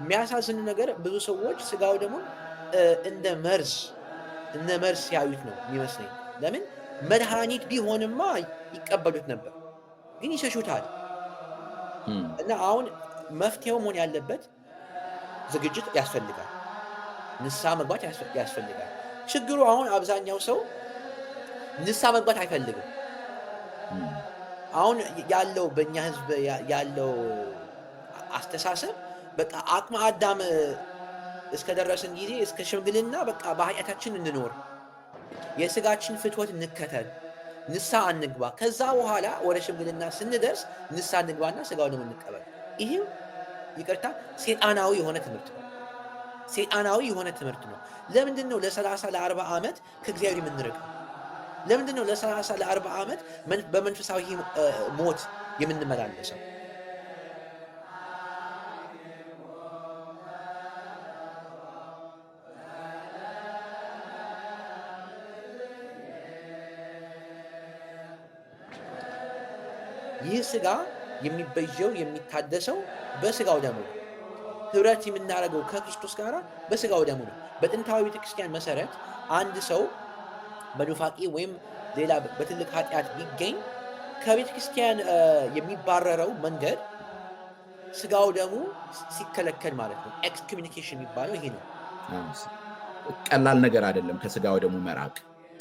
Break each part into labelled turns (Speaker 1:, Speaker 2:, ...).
Speaker 1: የሚያሳዝን ነገር ብዙ ሰዎች ስጋው ደግሞ እንደ መርዝ እንደ መርዝ ሲያዩት ነው የሚመስለኝ። ለምን መድኃኒት ቢሆንማ ይቀበሉት ነበር፣ ግን ይሸሹታል። እና አሁን መፍትሄው መሆን ያለበት ዝግጅት ያስፈልጋል፣ ንስሐ መግባት ያስፈልጋል። ችግሩ አሁን አብዛኛው ሰው ንስሐ መግባት አይፈልግም። አሁን ያለው በእኛ ህዝብ ያለው አስተሳሰብ በቃ አቅመ አዳም እስከደረስን ጊዜ እስከ ሽምግልና በቃ በኃጢአታችን እንኖር፣ የስጋችን ፍትወት እንከተል፣ ንሳ እንግባ። ከዛ በኋላ ወደ ሽምግልና ስንደርስ ንሳ እንግባና ስጋውን እንቀበል። ይህም ይቅርታ ሴጣናዊ የሆነ ትምህርት ነው። ሴጣናዊ የሆነ ትምህርት ነው። ለምንድን ነው ለሰላሳ ለአርባ ዓመት ከእግዚአብሔር የምንርቀው? ለምንድን ነው ለሰላሳ ለአርባ ዓመት በመንፈሳዊ ሞት የምንመላለሰው? ይህ ስጋ የሚበጀው የሚታደሰው በስጋው ደሙ ነው። ህብረት የምናደርገው ከክርስቶስ ጋር በስጋው ደሙ ነው። በጥንታዊ ቤተክርስቲያን መሰረት አንድ ሰው በኑፋቄ ወይም ሌላ በትልቅ ኃጢአት ቢገኝ ከቤተክርስቲያን የሚባረረው መንገድ ስጋው ደሙ ሲከለከል ማለት ነው። ኤክስኮሚኒኬሽን የሚባለው ይሄ ነው።
Speaker 2: ቀላል ነገር አይደለም። ከስጋው ደሙ መራቅ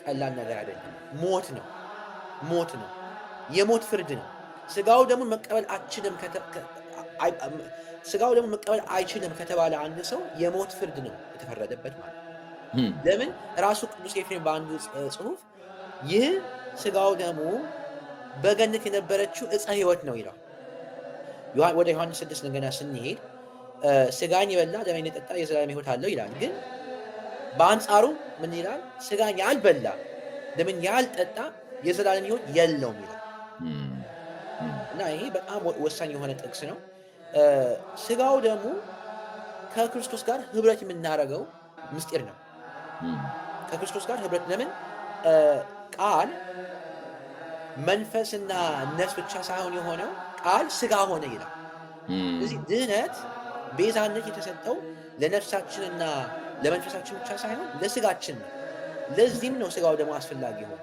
Speaker 2: ቀላል ነገር አይደለም። ሞት ነው። ሞት ነው። የሞት ፍርድ ነው። ስጋው ደግሞ መቀበል አችልም ስጋው ደግሞ መቀበል አይችልም ከተባለ አንድ ሰው የሞት ፍርድ ነው የተፈረደበት ማለት ለምን ራሱ ቅዱስ ኤፍሬም በአንዱ ጽሁፍ ይህ ስጋው ደግሞ በገነት የነበረችው እፀ ህይወት ነው ይላል ወደ ዮሐንስ ስድስት ገና ስንሄድ ስጋን የበላ ደሜን የጠጣ የዘላለም ህይወት አለው ይላል ግን በአንጻሩ ምን ይላል ስጋን ያልበላ ደምን ያልጠጣ የዘላለም ህይወት የለውም ይላል እና ይሄ በጣም ወሳኝ የሆነ ጥቅስ ነው። ስጋው ደግሞ ከክርስቶስ ጋር ህብረት የምናደርገው ምስጢር ነው። ከክርስቶስ ጋር ህብረት ለምን ቃል መንፈስና ነፍስ ብቻ ሳይሆን የሆነው ቃል ስጋ ሆነ ይላል። ስለዚህ ድህነት ቤዛነት የተሰጠው ለነፍሳችንና ለመንፈሳችን ብቻ ሳይሆን ለስጋችን ነው። ለዚህም ነው ስጋው ደግሞ አስፈላጊ ሆነ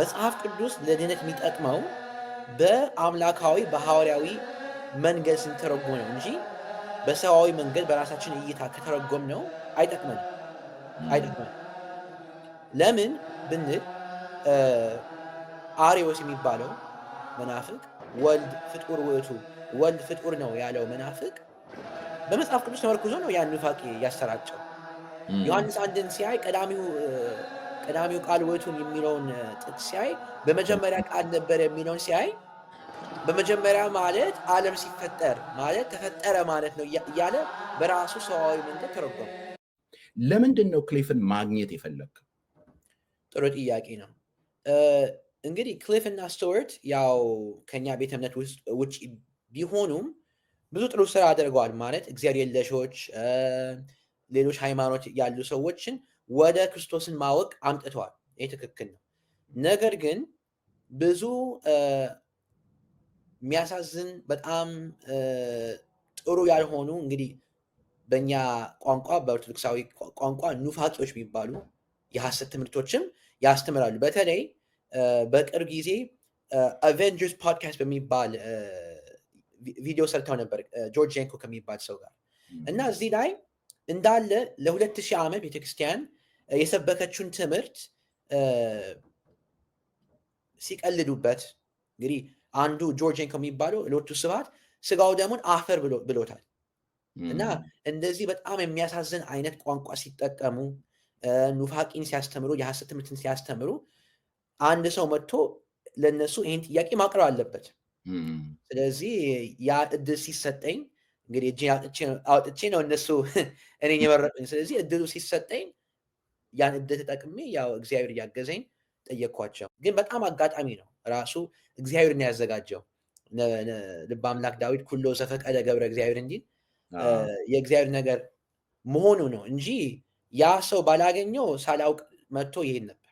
Speaker 2: መጽሐፍ ቅዱስ ለድህነት የሚጠቅመው በአምላካዊ በሐዋርያዊ መንገድ ስንተረጎም ነው እንጂ በሰዋዊ መንገድ በራሳችን እይታ ከተረጎም ነው አይጠቅመን አይጠቅመን። ለምን ብንል አሪዎስ የሚባለው መናፍቅ ወልድ ፍጡር ውእቱ ወልድ ፍጡር ነው ያለው መናፍቅ በመጽሐፍ ቅዱስ ተመርኩዞ ነው ያን ኑፋቄ ያሰራጨው። ዮሐንስ አንድን ሲያይ ቀዳሚው ቀዳሚው ቃል ውእቱን የሚለውን ጥቅስ ሲያይ በመጀመሪያ ቃል ነበር የሚለውን ሲያይ በመጀመሪያ ማለት ዓለም ሲፈጠር ማለት ተፈጠረ ማለት ነው እያለ በራሱ ሰዋዊ መንገድ ተረጎመ። ለምንድን ነው ክሊፍን ማግኘት የፈለግ? ጥሩ ጥያቄ ነው። እንግዲህ ክሊፍ እና ስቱዋርት ያው ከኛ ቤተ እምነት ውጭ ቢሆኑም ብዙ ጥሩ ስራ አድርገዋል። ማለት እግዚአብሔር የለሾች ሌሎች ሃይማኖት ያሉ ሰዎችን ወደ ክርስቶስን ማወቅ አምጥተዋል። ይህ ትክክል ነው። ነገር ግን ብዙ የሚያሳዝን በጣም ጥሩ ያልሆኑ እንግዲህ በእኛ ቋንቋ በኦርቶዶክሳዊ ቋንቋ ኑፋቂዎች የሚባሉ የሐሰት ትምህርቶችም ያስተምራሉ። በተለይ በቅርብ ጊዜ አቬንጀርስ ፖድካስት በሚባል ቪዲዮ ሰርተው ነበር ጆርጅ ጄንኮ ከሚባል ሰው ጋር እና እዚህ ላይ እንዳለ ለሁለት ሺህ ዓመት ቤተክርስቲያን የሰበከችውን ትምህርት ሲቀልዱበት እንግዲህ አንዱ ጆርጅን ከሚባለው ሎቱ ስባት ስጋው ደግሞን አፈር ብሎታል እና እንደዚህ በጣም የሚያሳዝን አይነት ቋንቋ ሲጠቀሙ ኑፋቂን ሲያስተምሩ የሐሰት ትምህርትን ሲያስተምሩ አንድ ሰው መጥቶ ለነሱ ይህን ጥያቄ ማቅረብ አለበት። ስለዚህ ያ እድል ሲሰጠኝ እንግዲህ እጅ አውጥቼ ነው እነሱ እኔን የመረጡኝ። ስለዚህ እድሉ ሲሰጠኝ ያን እድል ተጠቅሜ ያው እግዚአብሔር እያገዘኝ ጠየቅኳቸው። ግን በጣም አጋጣሚ ነው ራሱ እግዚአብሔር ያዘጋጀው ልብ አምላክ ዳዊት ኩሎ ዘፈቀደ ገብረ እግዚአብሔር እንዲል የእግዚአብሔር ነገር መሆኑ ነው እንጂ ያ ሰው ባላገኘው ሳላውቅ መጥቶ ይሄን ነበር።